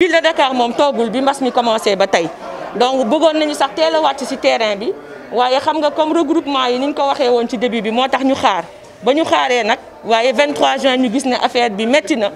ville de Dakar moom toogul bi mbas mi commencé ba tey donc bëggoon nañu sax teel wàcc ci terrain bi waaye xam nga comme regroupement yi ni ñu ko waxee woon ci début bi moo tax ñu xaar ba ñu xaaree nag waaye 23 juin ñu gis ne affaire bi métti na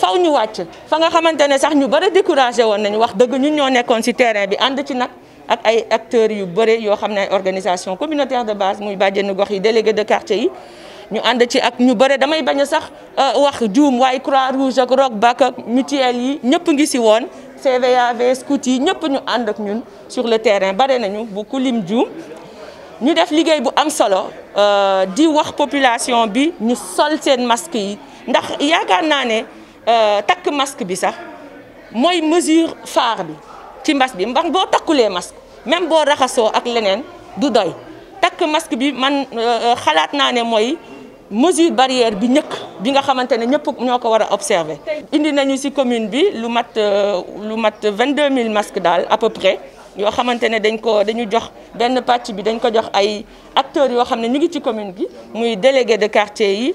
faw ñu wàcc fa nga xamante ne sax ñu bari découragé woon nañu wax dëgg ñun ñoo nekkoon ci terrain bi ànd ci nag. ak ay acteurs yu bëre yo xam ay organisation communautaire de base muy bàjjenu gox yi délégué de quartier yi ñu and ci ak ñu bëre damay baña sax euh, wax djoum waaye croix rouge ak rock bac ak mutuelle yi ñëpp ngi si won CVAV scout yi ñëpp ñu and ak ñun sur le terrain bare nañu bu kulim djoum ñu def liggéey bu am solo euh, di wax population bi ñu sol seen masque yi ndax yaakaar naa ne euh, takk masque bi sax mooy mesure phare bi ci mbas bi mbax boo takkulee masque même bo raxasoo ak leneen du doy tak masque bi man euh, xalaat naa ne mooy mesure barrière bi njëkk bi nga xamantene ne ñëpp ñoo ko observer. indi nañu ci commune bi lu mat euh, lu mat 22000 masques dal à peu près yo xamantene dañ ko dañu jox ben patch bi dañ ko jox ay acteurs yo xamne ne ñu ngi ci commune bi muy délégué de quartier yi.